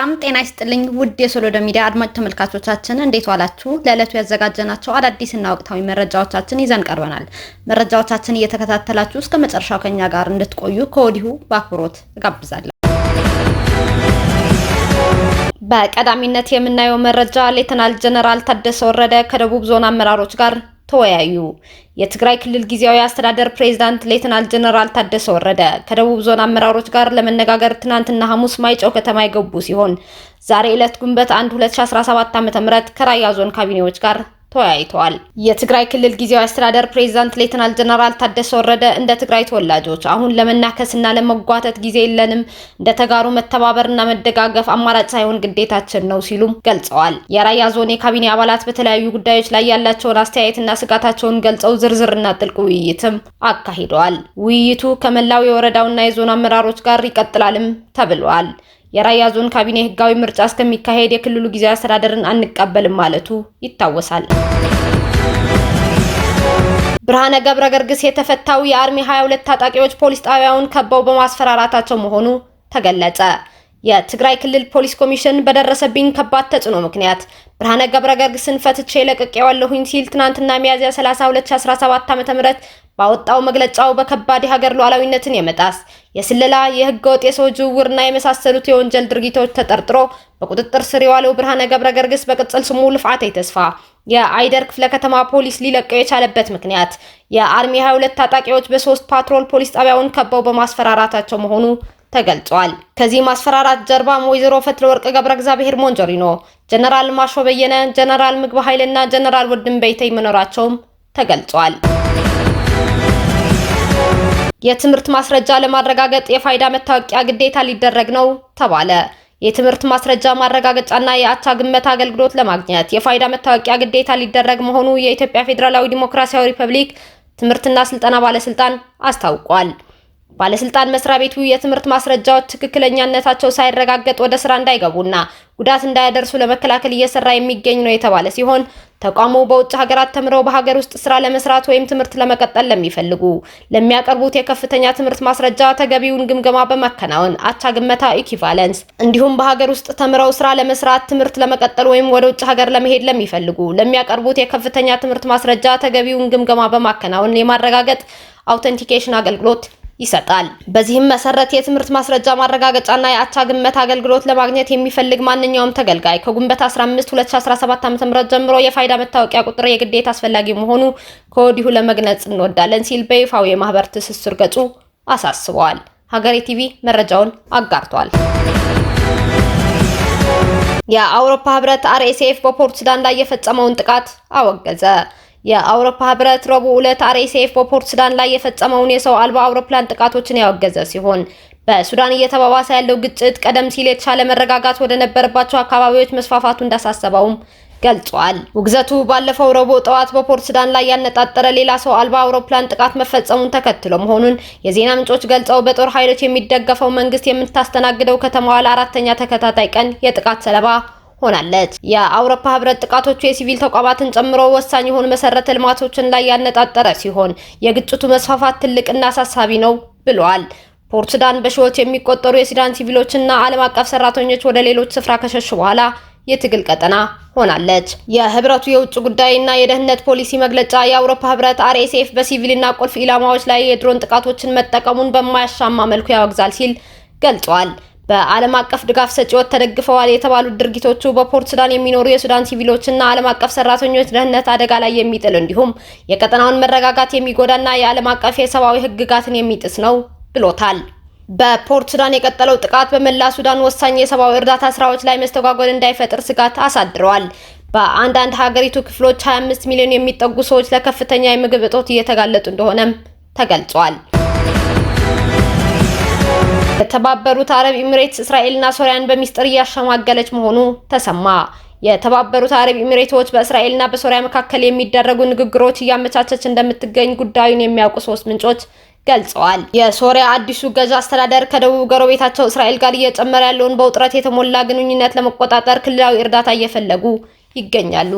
ሰላም ጤና ይስጥልኝ ውድ የሶሎዶ ሚዲያ አድማጭ ተመልካቾቻችን እንዴት ዋላችሁ? ለዕለቱ ያዘጋጀናቸው አዳዲስና ወቅታዊ መረጃዎቻችን ይዘን ቀርበናል። መረጃዎቻችን እየተከታተላችሁ እስከ መጨረሻው ከኛ ጋር እንድትቆዩ ከወዲሁ በአክብሮት እጋብዛለሁ። በቀዳሚነት የምናየው መረጃ ሌተናል ጀነራል ታደሰ ወረደ ከደቡብ ዞን አመራሮች ጋር ተወያዩ። የትግራይ ክልል ጊዜያዊ አስተዳደር ፕሬዝዳንት ሌተናል ጀነራል ታደሰ ወረደ ከደቡብ ዞን አመራሮች ጋር ለመነጋገር ትናንትና ሐሙስ ማይጨው ከተማ የገቡ ሲሆን ዛሬ ዕለት ግንቦት 1 2017 ዓ.ም ከራያ ዞን ካቢኔዎች ጋር ተወያይተዋል። የትግራይ ክልል ጊዜያዊ አስተዳደር ፕሬዚዳንት ሌተናል ጀነራል ታደሰ ወረደ እንደ ትግራይ ተወላጆች አሁን ለመናከስና ለመጓተት ጊዜ የለንም፣ እንደ ተጋሩ መተባበርና መደጋገፍ አማራጭ ሳይሆን ግዴታችን ነው ሲሉም ገልጸዋል። የራያ ዞን የካቢኔ አባላት በተለያዩ ጉዳዮች ላይ ያላቸውን አስተያየትና ስጋታቸውን ገልጸው ዝርዝርና ጥልቅ ውይይትም አካሂደዋል። ውይይቱ ከመላው የወረዳውና የዞን አመራሮች ጋር ይቀጥላልም ተብሏል። የራያ ዞን ካቢኔ ህጋዊ ምርጫ እስከሚካሄድ የክልሉ ጊዜያዊ አስተዳደርን አንቀበልም ማለቱ ይታወሳል። ብርሃነ ገብረ ገርግስ የተፈታው የአርሚ 22 ታጣቂዎች ፖሊስ ጣቢያውን ከበው በማስፈራራታቸው መሆኑ ተገለጸ። የትግራይ ክልል ፖሊስ ኮሚሽን በደረሰብኝ ከባድ ተጽዕኖ ምክንያት ብርሃነ ገርግስን ፈትቼ ለቅቄዋለሁኝ ሲል ትናንትና ሚያዝያ 30 2017 ዓ.ም ባወጣው መግለጫው በከባድ የሀገር ሉዓላዊነትን የመጣስ የስለላ፣ የህገወጥ የሰው ዝውውርና የመሳሰሉት የወንጀል ድርጊቶች ተጠርጥሮ በቁጥጥር ስር የዋለው ብርሃነ ገርግስ በቅጽል ስሙ ልፍዓት ተስፋ የአይደር ክፍለ ከተማ ፖሊስ ሊለቀው የቻለበት ምክንያት የአርሚ 22 ታጣቂዎች በሶስት ፓትሮል ፖሊስ ጣቢያውን ከበው በማስፈራራታቸው መሆኑ ተገልጿል። ከዚህ ማስፈራራት ጀርባም ወይዘሮ ፈትለወርቅ ገብረ እግዚአብሔር ሞንጆሪኖ፣ ጀነራል ማሾ በየነ፣ ጀነራል ምግብ ኃይልና ጀነራል ወድን በይተይ መኖራቸውም ተገልጿል። የትምህርት ማስረጃ ለማረጋገጥ የፋይዳ መታወቂያ ግዴታ ሊደረግ ነው ተባለ። የትምህርት ማስረጃ ማረጋገጫና የአቻ ግመት አገልግሎት ለማግኘት የፋይዳ መታወቂያ ግዴታ ሊደረግ መሆኑ የኢትዮጵያ ፌዴራላዊ ዲሞክራሲያዊ ሪፐብሊክ ትምህርትና ስልጠና ባለስልጣን አስታውቋል። ባለስልጣን መስሪያ ቤቱ የትምህርት ማስረጃዎች ትክክለኛነታቸው ሳይረጋገጥ ወደ ስራ እንዳይገቡና ጉዳት እንዳያደርሱ ለመከላከል እየሰራ የሚገኝ ነው የተባለ ሲሆን ተቋሙ በውጭ ሀገራት ተምረው በሀገር ውስጥ ስራ ለመስራት ወይም ትምህርት ለመቀጠል ለሚፈልጉ ለሚያቀርቡት የከፍተኛ ትምህርት ማስረጃ ተገቢውን ግምገማ በማከናወን አቻ ግመታ ኢኪቫለንስ፣ እንዲሁም በሀገር ውስጥ ተምረው ስራ ለመስራት ትምህርት ለመቀጠል ወይም ወደ ውጭ ሀገር ለመሄድ ለሚፈልጉ ለሚያቀርቡት የከፍተኛ ትምህርት ማስረጃ ተገቢውን ግምገማ በማከናወን የማረጋገጥ አውተንቲኬሽን አገልግሎት ይሰጣል። በዚህም መሰረት የትምህርት ማስረጃ ማረጋገጫና የአቻ ግመት አገልግሎት ለማግኘት የሚፈልግ ማንኛውም ተገልጋይ ከግንቦት 15 2017 ዓ.ም ጀምሮ የፋይዳ መታወቂያ ቁጥር የግዴታ አስፈላጊ መሆኑ ከወዲሁ ለመግለጽ እንወዳለን ሲል በይፋው የማህበር ትስስር ገጹ አሳስበዋል። ሀገሬ ቲቪ መረጃውን አጋርቷል። የአውሮፓ ህብረት አርኤስኤፍ በፖርት ሱዳን ላይ የፈጸመውን ጥቃት አወገዘ። የአውሮፓ ህብረት ረቡዕ ዕለት አርኤስኤፍ በፖርት ሱዳን ላይ የፈጸመውን የሰው አልባ አውሮፕላን ጥቃቶችን ያወገዘ ሲሆን በሱዳን እየተባባሰ ያለው ግጭት ቀደም ሲል የተሻለ መረጋጋት ወደ ነበረባቸው አካባቢዎች መስፋፋቱ እንዳሳሰበውም ገልጿል። ውግዘቱ ባለፈው ረቡዕ ጠዋት በፖርት ሱዳን ላይ ያነጣጠረ ሌላ ሰው አልባ አውሮፕላን ጥቃት መፈጸሙን ተከትሎ መሆኑን የዜና ምንጮች ገልጸው በጦር ኃይሎች የሚደገፈው መንግስት የምታስተናግደው ከተማዋ ለአራተኛ ተከታታይ ቀን የጥቃት ሰለባ ሆናለች። የአውሮፓ ህብረት ጥቃቶቹ የሲቪል ተቋማትን ጨምሮ ወሳኝ የሆኑ መሰረተ ልማቶችን ላይ ያነጣጠረ ሲሆን የግጭቱ መስፋፋት ትልቅና አሳሳቢ ነው ብለዋል። ፖርት ሱዳን በሺዎች የሚቆጠሩ የሱዳን ሲቪሎችና ዓለም አቀፍ ሰራተኞች ወደ ሌሎች ስፍራ ከሸሹ በኋላ የትግል ቀጠና ሆናለች። የህብረቱ የውጭ ጉዳይና የደህንነት ፖሊሲ መግለጫ የአውሮፓ ህብረት አርኤስኤፍ በሲቪልና ቁልፍ ኢላማዎች ላይ የድሮን ጥቃቶችን መጠቀሙን በማያሻማ መልኩ ያወግዛል ሲል ገልጿል። በዓለም አቀፍ ድጋፍ ሰጪዎች ተደግፈዋል የተባሉት ድርጊቶቹ በፖርት ሱዳን የሚኖሩ የሱዳን ሲቪሎችና ዓለም አቀፍ ሰራተኞች ደህንነት አደጋ ላይ የሚጥል እንዲሁም የቀጠናውን መረጋጋት የሚጎዳና የዓለም አቀፍ የሰብአዊ ሕግጋትን የሚጥስ ነው ብሎታል። በፖርት ሱዳን የቀጠለው ጥቃት በመላ ሱዳን ወሳኝ የሰብአዊ እርዳታ ስራዎች ላይ መስተጓጎል እንዳይፈጥር ስጋት አሳድረዋል። በአንዳንድ ሀገሪቱ ክፍሎች 25 ሚሊዮን የሚጠጉ ሰዎች ለከፍተኛ የምግብ እጦት እየተጋለጡ እንደሆነም ተገልጿል። የተባበሩት አረብ ኤሚሬትስ እስራኤልና ሶሪያን በሚስጥር እያሸማገለች መሆኑ ተሰማ። የተባበሩት አረብ ኤሚሬቶች በእስራኤልና በሶሪያ መካከል የሚደረጉ ንግግሮች እያመቻቸች እንደምትገኝ ጉዳዩን የሚያውቁ ሶስት ምንጮች ገልጸዋል። የሶሪያ አዲሱ ገዥ አስተዳደር ከደቡብ ጎረቤታቸው እስራኤል ጋር እየጨመረ ያለውን በውጥረት የተሞላ ግንኙነት ለመቆጣጠር ክልላዊ እርዳታ እየፈለጉ ይገኛሉ።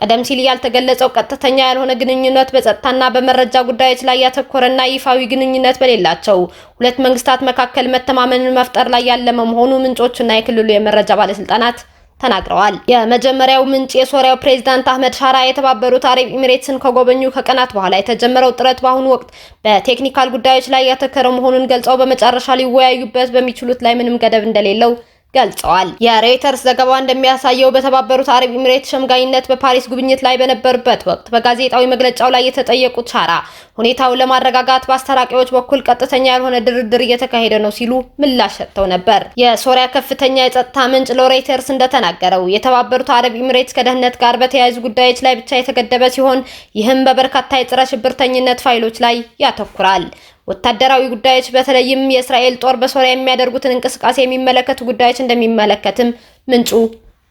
ቀደም ሲል ያልተገለጸው ቀጥተኛ ያልሆነ ግንኙነት በጸጥታና በመረጃ ጉዳዮች ላይ ያተኮረና ይፋዊ ግንኙነት በሌላቸው ሁለት መንግስታት መካከል መተማመንን መፍጠር ላይ ያለመ መሆኑ ምንጮቹና የክልሉ የመረጃ ባለስልጣናት ተናግረዋል። የመጀመሪያው ምንጭ የሶሪያው ፕሬዝዳንት አህመድ ሻራ የተባበሩት አረብ ኤሚሬትስን ከጎበኙ ከቀናት በኋላ የተጀመረው ጥረት በአሁኑ ወቅት በቴክኒካል ጉዳዮች ላይ ያተኮረ መሆኑን ገልጸው በመጨረሻ ሊወያዩበት በሚችሉት ላይ ምንም ገደብ እንደሌለው ገልጸዋል። የሬይተርስ ዘገባ እንደሚያሳየው በተባበሩት አረብ ኤምሬት ሸምጋይነት በፓሪስ ጉብኝት ላይ በነበሩበት ወቅት በጋዜጣዊ መግለጫው ላይ የተጠየቁት ሻራ ሁኔታውን ለማረጋጋት በአስታራቂዎች በኩል ቀጥተኛ ያልሆነ ድርድር እየተካሄደ ነው ሲሉ ምላሽ ሰጥተው ነበር። የሶሪያ ከፍተኛ የጸጥታ ምንጭ ለሬይተርስ እንደተናገረው የተባበሩት አረብ ኤምሬት ከደህንነት ጋር በተያያዙ ጉዳዮች ላይ ብቻ የተገደበ ሲሆን ይህም በበርካታ የጸረ ሽብርተኝነት ፋይሎች ላይ ያተኩራል። ወታደራዊ ጉዳዮች በተለይም የእስራኤል ጦር በሶሪያ የሚያደርጉትን እንቅስቃሴ የሚመለከቱ ጉዳዮች እንደሚመለከትም ምንጩ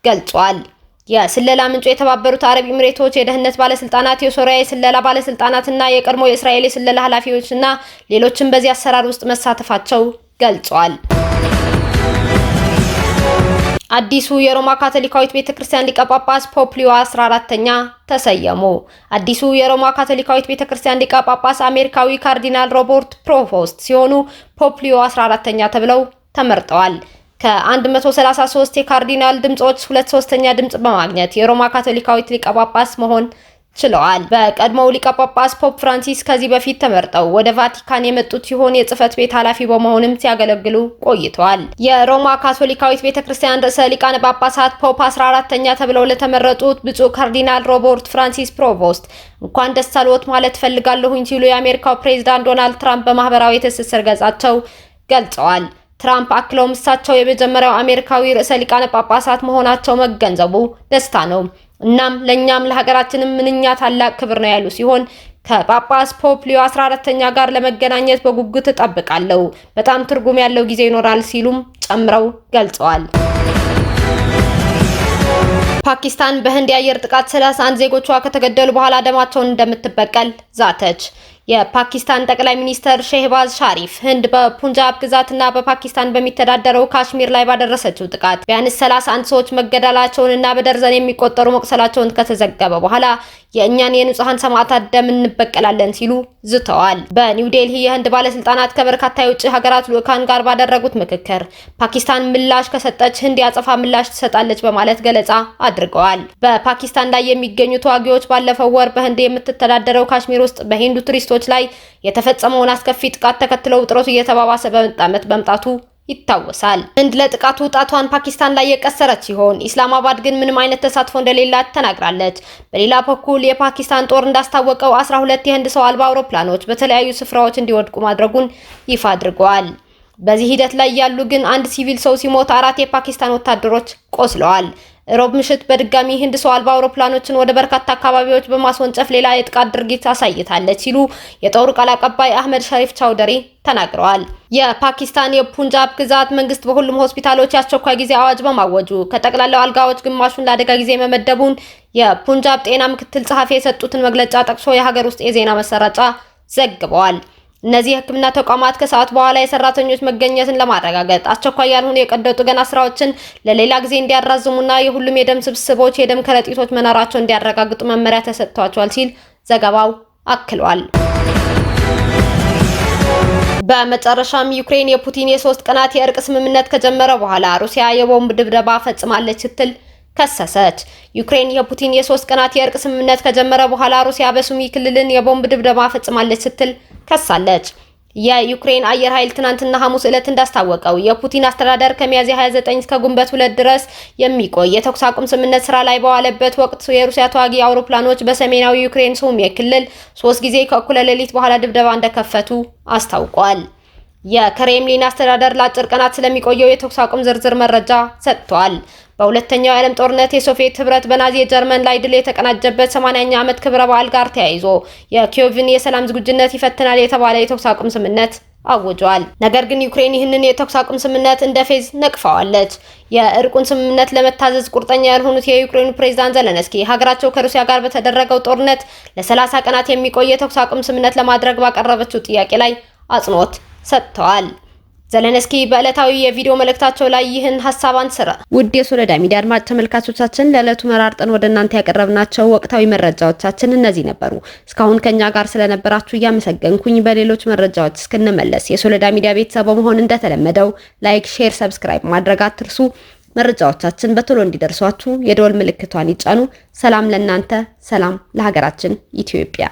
ገልጿል። የስለላ ምንጩ የተባበሩት አረብ ኤምሬቶች የደህንነት ባለስልጣናት፣ የሶሪያ የስለላ ባለስልጣናትና የቀድሞ የእስራኤል የስለላ ኃላፊዎችና ሌሎችም በዚህ አሰራር ውስጥ መሳተፋቸው ገልጿል። አዲሱ የሮማ ካቶሊካዊት ቤተክርስቲያን ሊቀ ጳጳስ ፖፕ ሊዮ 14ተኛ ተሰየሙ። አዲሱ የሮማ ካቶሊካዊት ቤተክርስቲያን ሊቀ ጳጳስ አሜሪካዊ ካርዲናል ሮበርት ፕሮቮስት ሲሆኑ ፖፕ ሊዮ 14ተኛ ተብለው ተመርጠዋል። ከ133 የካርዲናል ድምጾች ሁለት ሶስተኛ ድምጽ በማግኘት የሮማ ካቶሊካዊት ሊቀ ጳጳስ መሆን ችለዋል። በቀድሞው ሊቀ ጳጳስ ፖፕ ፍራንሲስ ከዚህ በፊት ተመርጠው ወደ ቫቲካን የመጡት ሲሆን የጽህፈት ቤት ኃላፊ በመሆንም ሲያገለግሉ ቆይተዋል። የሮማ ካቶሊካዊት ቤተክርስቲያን ርዕሰ ሊቃነ ጳጳሳት ፖፕ 14ተኛ ተብለው ለተመረጡት ብፁዕ ካርዲናል ሮበርት ፍራንሲስ ፕሮቮስት እንኳን ደስ አልዎት ማለት ፈልጋለሁኝ ሲሉ የአሜሪካው ፕሬዚዳንት ዶናልድ ትራምፕ በማህበራዊ ትስስር ገጻቸው ገልጸዋል። ትራምፕ አክለውም እሳቸው የመጀመሪያው አሜሪካዊ ርዕሰ ሊቃነ ጳጳሳት መሆናቸው መገንዘቡ ደስታ ነው እናም ለእኛም ለሀገራችንም ምንኛ ታላቅ ክብር ነው ያሉ ሲሆን ከጳጳስ ፖፕ ሊዮ 14ተኛ ጋር ለመገናኘት በጉጉት እጠብቃለሁ። በጣም ትርጉም ያለው ጊዜ ይኖራል ሲሉም ጨምረው ገልጸዋል። ፓኪስታን በህንድ የአየር ጥቃት 31 ዜጎቿ ከተገደሉ በኋላ ደማቸውን እንደምትበቀል ዛተች። የፓኪስታን ጠቅላይ ሚኒስተር ሼህባዝ ሻሪፍ ህንድ በፑንጃብ ግዛትና በፓኪስታን በሚተዳደረው ካሽሚር ላይ ባደረሰችው ጥቃት ቢያንስ 31 ሰዎች መገደላቸውንና በደርዘን የሚቆጠሩ መቁሰላቸውን ከተዘገበ በኋላ የእኛን የንጹሐን ሰማዕታት ደም እንበቀላለን ሲሉ ዝተዋል። በኒው ዴልሂ የህንድ ባለስልጣናት ከበርካታ የውጭ ሀገራት ልዑካን ጋር ባደረጉት ምክክር ፓኪስታን ምላሽ ከሰጠች ህንድ ያጸፋ ምላሽ ትሰጣለች በማለት ገለጻ አድርገዋል። በፓኪስታን ላይ የሚገኙ ተዋጊዎች ባለፈው ወር በህንድ የምትተዳደረው ካሽሚር ውስጥ በሂንዱ ቱሪስቶ በፖሊሶች ላይ የተፈጸመውን አስከፊ ጥቃት ተከትለው ውጥረቱ እየተባባሰ በመጣመት በመምጣቱ ይታወሳል። ህንድ ለጥቃቱ ጣቷን ፓኪስታን ላይ የቀሰረች ሲሆን ኢስላማባድ ግን ምንም አይነት ተሳትፎ እንደሌላት ተናግራለች። በሌላ በኩል የፓኪስታን ጦር እንዳስታወቀው 12 የህንድ ሰው አልባ አውሮፕላኖች በተለያዩ ስፍራዎች እንዲወድቁ ማድረጉን ይፋ አድርገዋል። በዚህ ሂደት ላይ ያሉ ግን አንድ ሲቪል ሰው ሲሞት አራት የፓኪስታን ወታደሮች ቆስለዋል። ሮብ ምሽት በድጋሚ ህንድ ሰው አልባ አውሮፕላኖችን ወደ በርካታ አካባቢዎች በማስወንጨፍ ሌላ የጥቃት ድርጊት አሳይታለች ሲሉ የጦሩ ቃል አቀባይ አህመድ ሸሪፍ ቻውደሪ ተናግረዋል። የፓኪስታን የፑንጃብ ግዛት መንግስት በሁሉም ሆስፒታሎች የአስቸኳይ ጊዜ አዋጅ በማወጁ ከጠቅላላው አልጋዎች ግማሹን ለአደጋ ጊዜ መመደቡን የፑንጃብ ጤና ምክትል ጸሐፊ የሰጡትን መግለጫ ጠቅሶ የሀገር ውስጥ የዜና መሰራጫ ዘግበዋል። እነዚህ የህክምና ተቋማት ከሰዓት በኋላ የሰራተኞች መገኘትን ለማረጋገጥ አስቸኳይ ያልሆኑ የቀዶ ጥገና ስራዎችን ለሌላ ጊዜ እንዲያራዝሙና የሁሉም የደም ስብስቦች የደም ከረጢቶች መኖራቸው እንዲያረጋግጡ መመሪያ ተሰጥቷቸዋል ሲል ዘገባው አክሏል። በመጨረሻም ዩክሬን የፑቲን የሶስት ቀናት የእርቅ ስምምነት ከጀመረ በኋላ ሩሲያ የቦምብ ድብደባ ፈጽማለች ስትል ከሰሰች። ዩክሬን የፑቲን የሶስት ቀናት የእርቅ ስምምነት ከጀመረ በኋላ ሩሲያ በሱሚ ክልልን የቦምብ ድብደባ ፈጽማለች ስትል ከሳለች። የዩክሬን አየር ኃይል ትናንትና ሐሙስ ዕለት እንዳስታወቀው የፑቲን አስተዳደር ከሚያዝያ 29 እስከ ግንቦት 2 ድረስ የሚቆይ የተኩስ አቁም ስምምነት ስራ ላይ በዋለበት ወቅት የሩሲያ ተዋጊ አውሮፕላኖች በሰሜናዊ ዩክሬን ሱሚ ክልል ሶስት ጊዜ ከእኩለ ሌሊት በኋላ ድብደባ እንደከፈቱ አስታውቋል። የክሬምሊን አስተዳደር ለአጭር ቀናት ስለሚቆየው የተኩስ አቁም ዝርዝር መረጃ ሰጥቷል። በሁለተኛው የዓለም ጦርነት የሶቪየት ህብረት በናዚ ጀርመን ላይ ድል የተቀናጀበት 80ኛ ዓመት ክብረ በዓል ጋር ተያይዞ የኪዮቭን የሰላም ዝግጁነት ይፈትናል የተባለ የተኩስ አቁም ስምምነት አውጇል። ነገር ግን ዩክሬን ይህንን የተኩስ አቁም ስምምነት እንደ ፌዝ ነቅፈዋለች። የእርቁን ስምምነት ለመታዘዝ ቁርጠኛ ያልሆኑት የዩክሬኑ ፕሬዝዳንት ዘለንስኪ ሀገራቸው ከሩሲያ ጋር በተደረገው ጦርነት ለ30 ቀናት የሚቆይ የተኩስ አቁም ስምምነት ለማድረግ ባቀረበችው ጥያቄ ላይ አጽንኦት ሰጥተዋል። ዘለንስኪ በዕለታዊ የቪዲዮ መልእክታቸው ላይ ይህን ሀሳብ አንስረ ውድ የሶለዳ ሚዲያ አድማጭ ተመልካቾቻችን ለዕለቱ መራርጠን ወደ እናንተ ያቀረብናቸው ወቅታዊ መረጃዎቻችን እነዚህ ነበሩ። እስካሁን ከኛ ጋር ስለነበራችሁ እያመሰገንኩኝ በሌሎች መረጃዎች እስክንመለስ የሶለዳ ሚዲያ ቤተሰብ በመሆን እንደተለመደው ላይክ፣ ሼር፣ ሰብስክራይብ ማድረግ አትርሱ። መረጃዎቻችን በቶሎ እንዲደርሷችሁ የደወል ምልክቷን ይጫኑ። ሰላም ለእናንተ፣ ሰላም ለሀገራችን ኢትዮጵያ።